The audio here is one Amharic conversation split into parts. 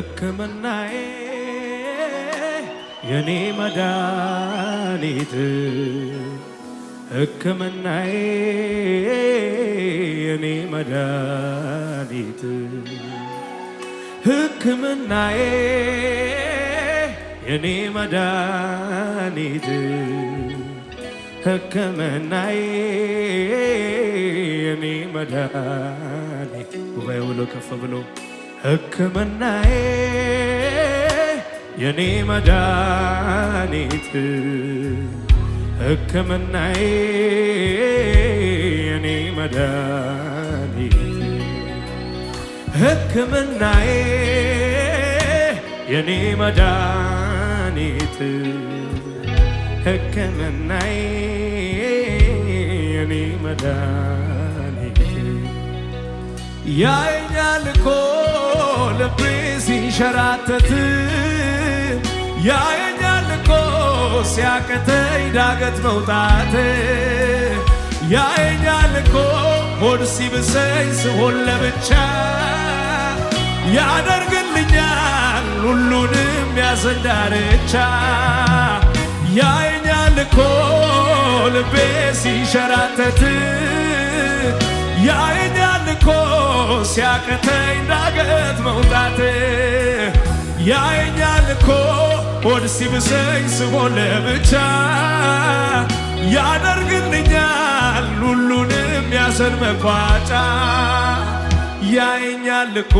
ሕክምናዬ የኔ መድኃኒት ሕክምናዬ የኔ መድኃኒት ሕክምናዬ የኔ መድኃኒት ሕክምናዬ የኔ መድኃኒት ጉባኤ ብሎ ከፍ ብሎ ሕክምናዬ የኔ መድኃኒት ሕክምናዬ የኔ መድኃኒት ሕክምናዬ የኔ መድኃኒት ሕክምናዬ የኔ መድኃኒት ያይኛል እኮ ልቤ ሲንሸራተት ያየኛል እኮ ሲያቅተኝ ዳገት መውጣት ያየኛል እኮ ሆድ ሲብሰኝ ስሆን ለብቻ ያደርግልኛል ሁሉንም ያዘኝ ዳርቻ ያየኛል እኮ ልቤ ሲንሸራተት ያየኛል እኮ ሲያቅተኝ ዳገት መውጣት ያየኛል እኮ ሆድ ሲብሰኝ ስሞን ለብቻ ያደርግልኛል ሁሉንም ያዘን መቋጫ ያየኛል እኮ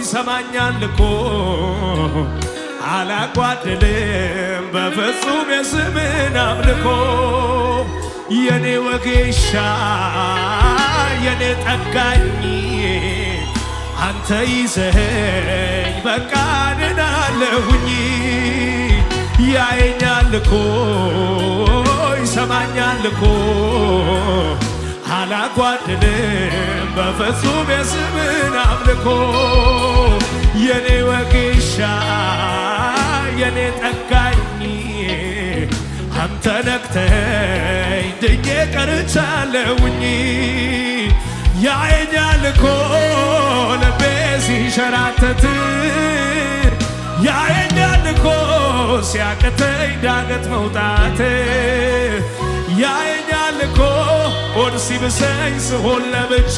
ይሰማኛል እኮ አላጓድልም በፍጹም የስምን አምልኮ የኔ ወጌሻ የኔ ጠጋኝ አንተ ይዘኸኝ በቃ ንናለሁኝ ያየኛል እኮ ይሰማኛል እኮ አላጓድልም በፍጹም የስምን አምልኮ የኔ ወጌሻ የኔ ጠጋኝ አንተ ነክተህ በድኜ ቀርቻለሁኝ ያየኛል እኮ ልቤ ሲንሸራተት ያየኛል እኮ ሲያቅተኝ ዳገት መውጣት ያየኛልኮ እኮ ሆድ ሲብሰኝ ስሆን ለብቻ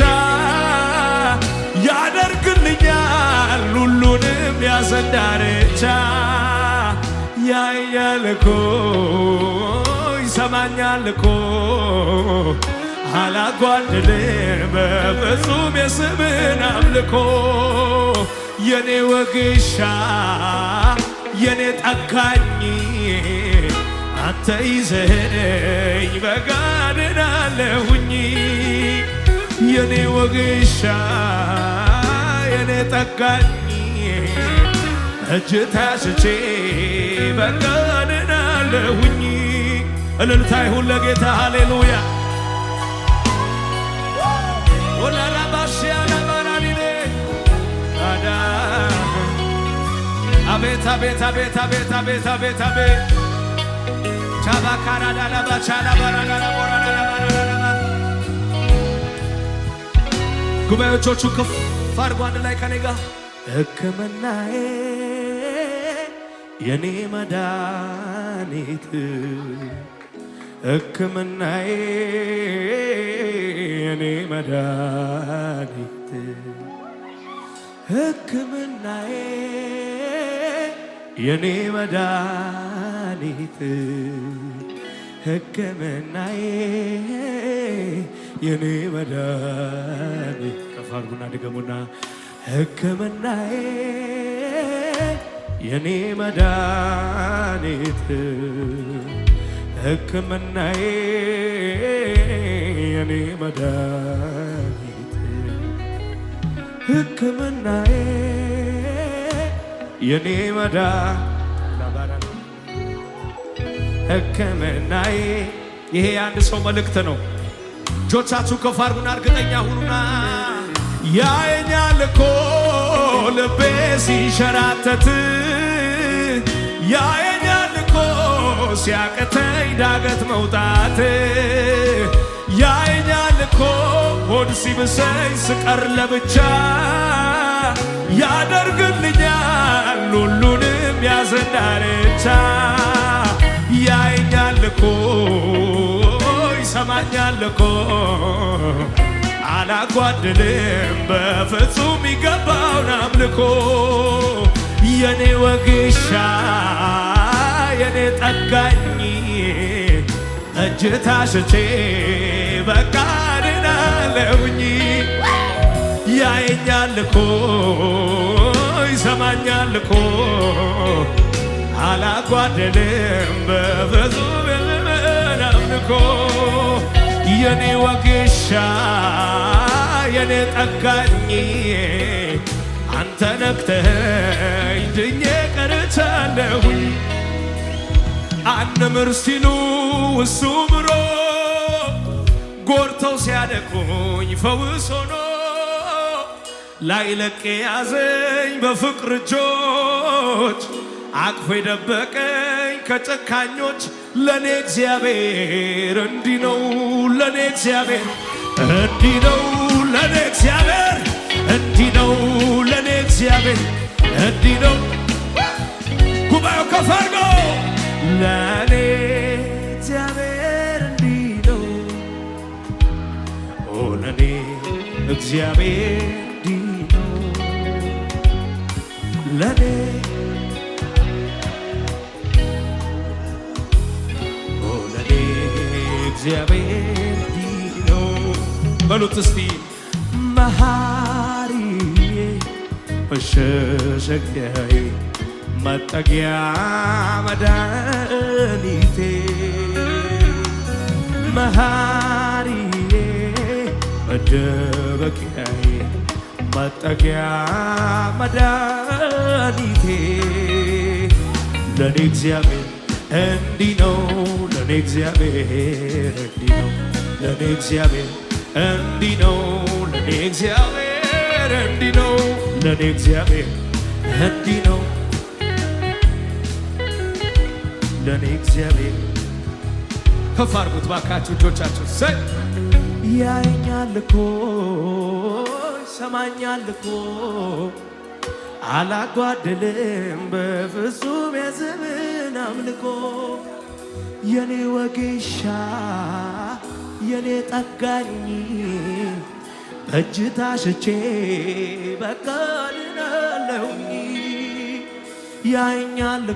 ያደርግልኛል ሁሉንም ያዘን ዳርቻ ይሰማኛል እኮ አላጓድልም በፍጹም የስምን አምልኮ የኔ ወግሻ የኔ ጠጋኝ አንተ ይዘኸኝ በጋድን የኔ ወግሻ የኔ ጠጋኝ እጅ ታስቼ እልልታ ይሁን ለጌታ ሃሌሉያ። አቤት አቤት አቤት አቤት አቤት አቤት አቤት ቻባካራ ዳላባ ጉባኤዎቹ ከፍ አድርጎ አንድ ላይ ከኔ ጋር ሕክምናዬ የኔ መድኃኒት ሕክምናዬ የኔ መድኃኒት ሕክምናዬ የኔ መድኃኒት ሕክምናዬ የኔ መድኃኒት ከፍ አድርጉና ድገሙና ሕክምናዬ የኔ መድኃኒት ሕክምናዬ የኔ መድኃኒት ሕክምናዬ የኔ መድኃኒት ሕክምናዬ። ይሄ የአንድ ሰው መልእክት ነው። እጆቻችሁ ከፍ አድርጉና እርግጠኛ ሁኑና ያየኛል እኮ ልቤ ሲንሸራተት ሲያቅተኝ ዳገት መውጣት ያይኛል እኮ ሆድ ሲብሰኝ ስቀር ለብቻ ያደርግልኛል ሁሉንም ያዘንዳርቻ ያይኛል እኮ ይሰማኛል እኮ አላጓድልም በፍጹም ይገባውን አምልኮ የኔ ወግሻ የኔ ጠጋኝ እጅ ታሽቼ በቃ ድናለውኝ ያየኛል እኮ ይሰማኛል እኮ አላጓደልም በብዙ ምናምንኮ የኔ ወጌሻ የኔ ጠጋኝ አንተ ነክተኸኝ ድኜ ቀርቻለሁኝ አንምር ሲሉ እሱ ምሮ ጎርተው ሲያደቁኝ ፈውስ ሆኖ ላይለቅ ያዘኝ በፍቅር እጆች አቅፎ የደበቀኝ ከጨካኞች ለእኔ እግዚአብሔር እንዲህ ነው ለእኔ እግዚአብሔር እንዲህ ነው ለእኔ እግዚአብሔር እንዲህ ነው ለእኔ እግዚአብሔር እንዲህ ነው ጉባኤው ከፈርገው እግዚአብሔር ዲኖ ለኔ ለኔ እግዚአብሔር ዲኖ በሉት እስቲ መሃሪዬ መሸሸጊያዬ መጠጊያ መድኃኒቴ መሃሪ መደበቂያዬ መጠጊያ መድኃኒቴ ለእኔ እግዚአብሔር እንዲህ ነው ለእኔ እግዚአብሔር እንዲህ ነው ለእኔ እግዚአብሔር እንዲህ ነው ለእኔ እግዚአብሔር እንዲህ ነው ለእኔ እግዚአብሔር እንዲህ ነው ለእኔ እግዚአብሔር ከፍ አድርጉት ባካችሁ እጆቻችሁ ያየኛል እኮ ይሰማኛል እኮ አላጓድልም በፍጹም የስምን አምልኮ የኔ ወጌሻ የኔ ጠጋኝ በእጅ ታሽቼ በቃ ድናለሁኝ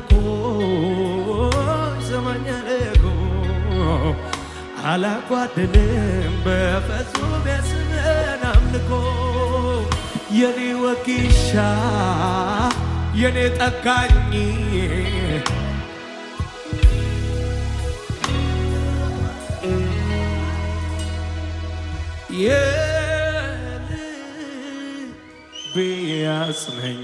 እኮ ይሰማኛል እኮ አላጓድልም በፍጹም የስምህን አምልኮ የኔ ወጌሻ የኔ ጠጋኝ የልቤ አጽናኝ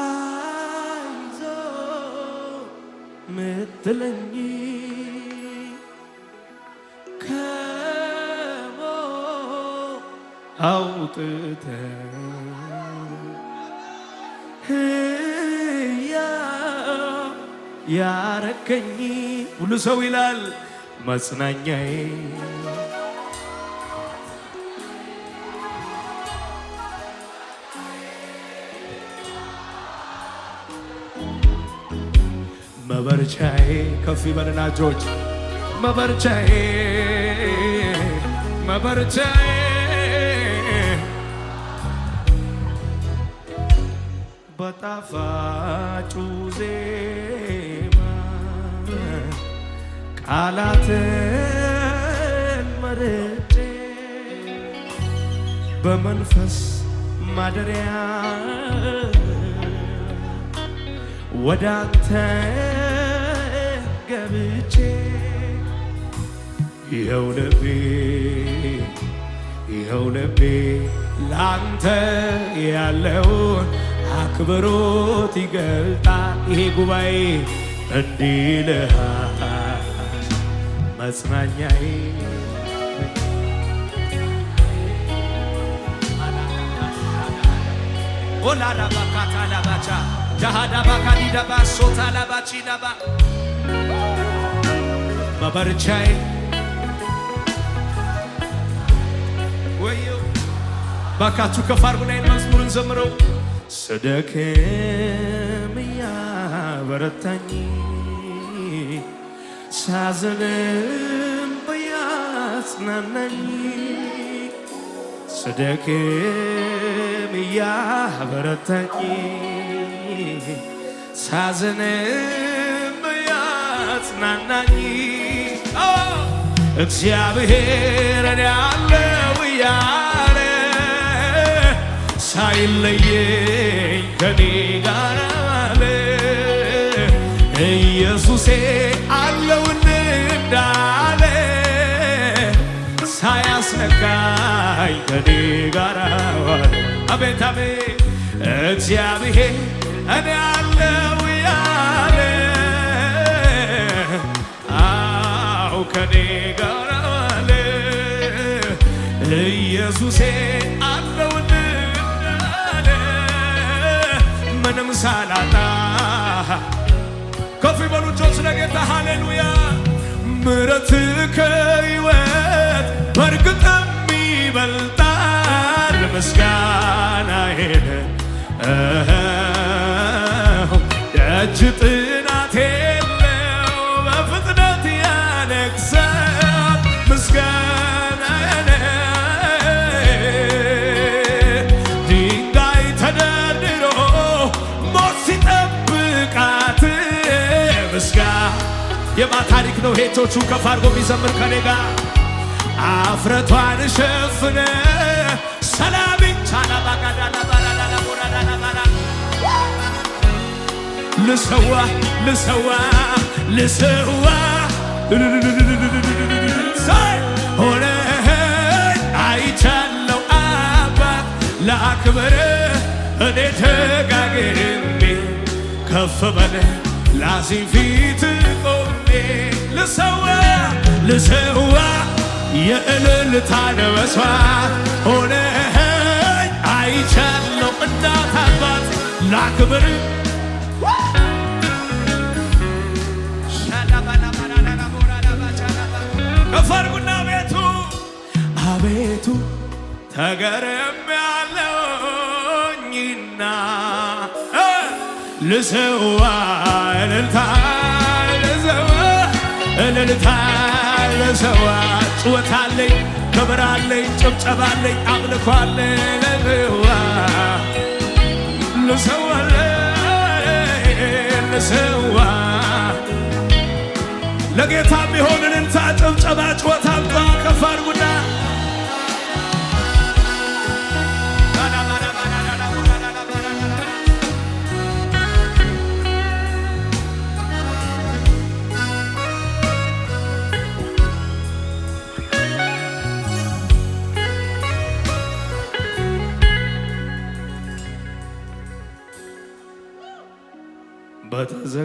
አይዞህ ምትለኝ አውጥተ ያረከኝ ሁሉ ሰው ይላል መጽናኛዬ መበርቻዬ ከፍ በልናጆች መበርቻዬ መበርቻዬ ጣፋጩ ዜማ ቃላትን መርጬ በመንፈስ ማደሪያ ወደ አንተ ገብቼ ይኸው ልቤ ይኸው ልቤ ላንተ ያለውን አክብሮት ይገልጣል። ይሄ ጉባኤ እንዲልሃ መጽናኛዬ ኦላዳባካታላባቻ ዳሃዳባካዲዳባ ሶታላባቺዳባ መበርቻዬ ወዮ ባካቱ ከፍ መዝሙርን ዘምረው ስደክም ያበረታኝ ሳዝንም ያጽናናኝ ስደክም ያበረታኝ ሳዝንም ያጽናናኝ እግዚአብሔር ያለው ያ ሳይለየኝ ከኔ ጋር አለ ኢየሱሴ አለውን እንዳለ ሳያስነካኝ ከኔ ጋር አለ አቤት አቤት እግዚአብሔር እኔ አለው ያለ አው ከኔ ጋር አለ ኢየሱሴ ሳላጣ ከፍ በሉ እጆች ለጌታ ሃሌሉያ። ምረት ከሕይወት በእርግጥም ይበልጣል ምስጋና ሄደ ምስጋ የማ ታሪክ ነው ሄቶቹ ከፍ አድርጎ የሚዘምር ከኔ ጋር አፍረቷን ሸፍነ ሰላምን ልሰዋ ልሰዋ ልሰዋ ሆነ አይቻለው አባት ለአክብር እኔ ደጋግሜ ከፍ በለ ላዚም ፊት ቆሜ ልሰዋ ልሰዋ የእልልታ መስዋዕት ሆነኸኝ አይቻለው እናት አባት ላክብር ከፈርጉና ቤቱ አቤቱ ተገረም ያለውኝና ልሰዋ እልልታ ልሰዋ እልልታ ልሰዋ ጭወታለኝ ከበራለኝ ጭብጨባለኝ አምልኳለኝ ልሰዋ ልሰዋ ልሰዋ ለጌታ ቢሆን እልልታ ጭብጨባ ጭወታ ከፍ አድርጉና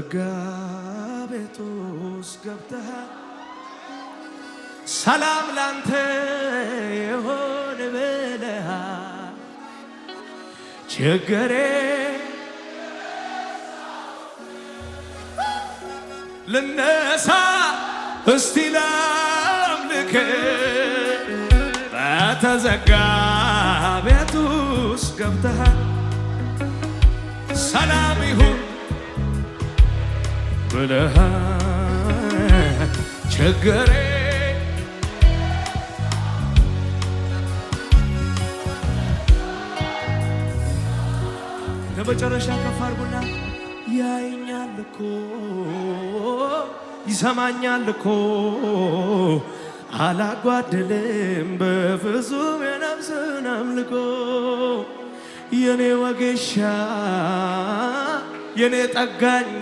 በረጋ ቤት ውስጥ ገብተሃል። ሰላም ላንተ ይሁን ብለሃል። ችግሬ ልነሳ እስቲ ላምልክ በተዘጋ ቤት ውስጥ ገብተሃል። ሰላም ይሁን ብለህ ቸገሬ ለመጨረሻ ከፍ አድርጉና ያይኛል እኮ ይሰማኛል እኮ አላጓድልም በፍጹም የነፍስን አምልኮ የኔ ወጌሻ የኔ ጠጋኝ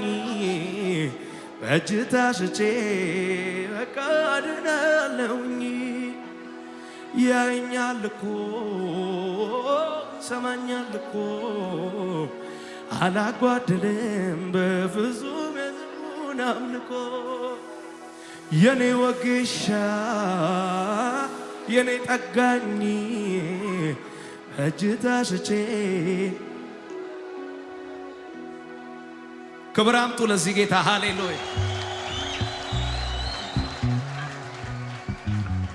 በእጅ ታሽቼ በቃ ድናለሁኝ። ያየኛል እኮ ይሰማኛል እኮ አላጓደልም በፍጹም የዝሙን አምልኮ የኔ ወጌሻ የኔ ጠጋኝ በእጅ ታሽቼ ክብር አምጡ ለዚህ ጌታ። ሃሌሉያ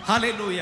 ሃሌሉያ።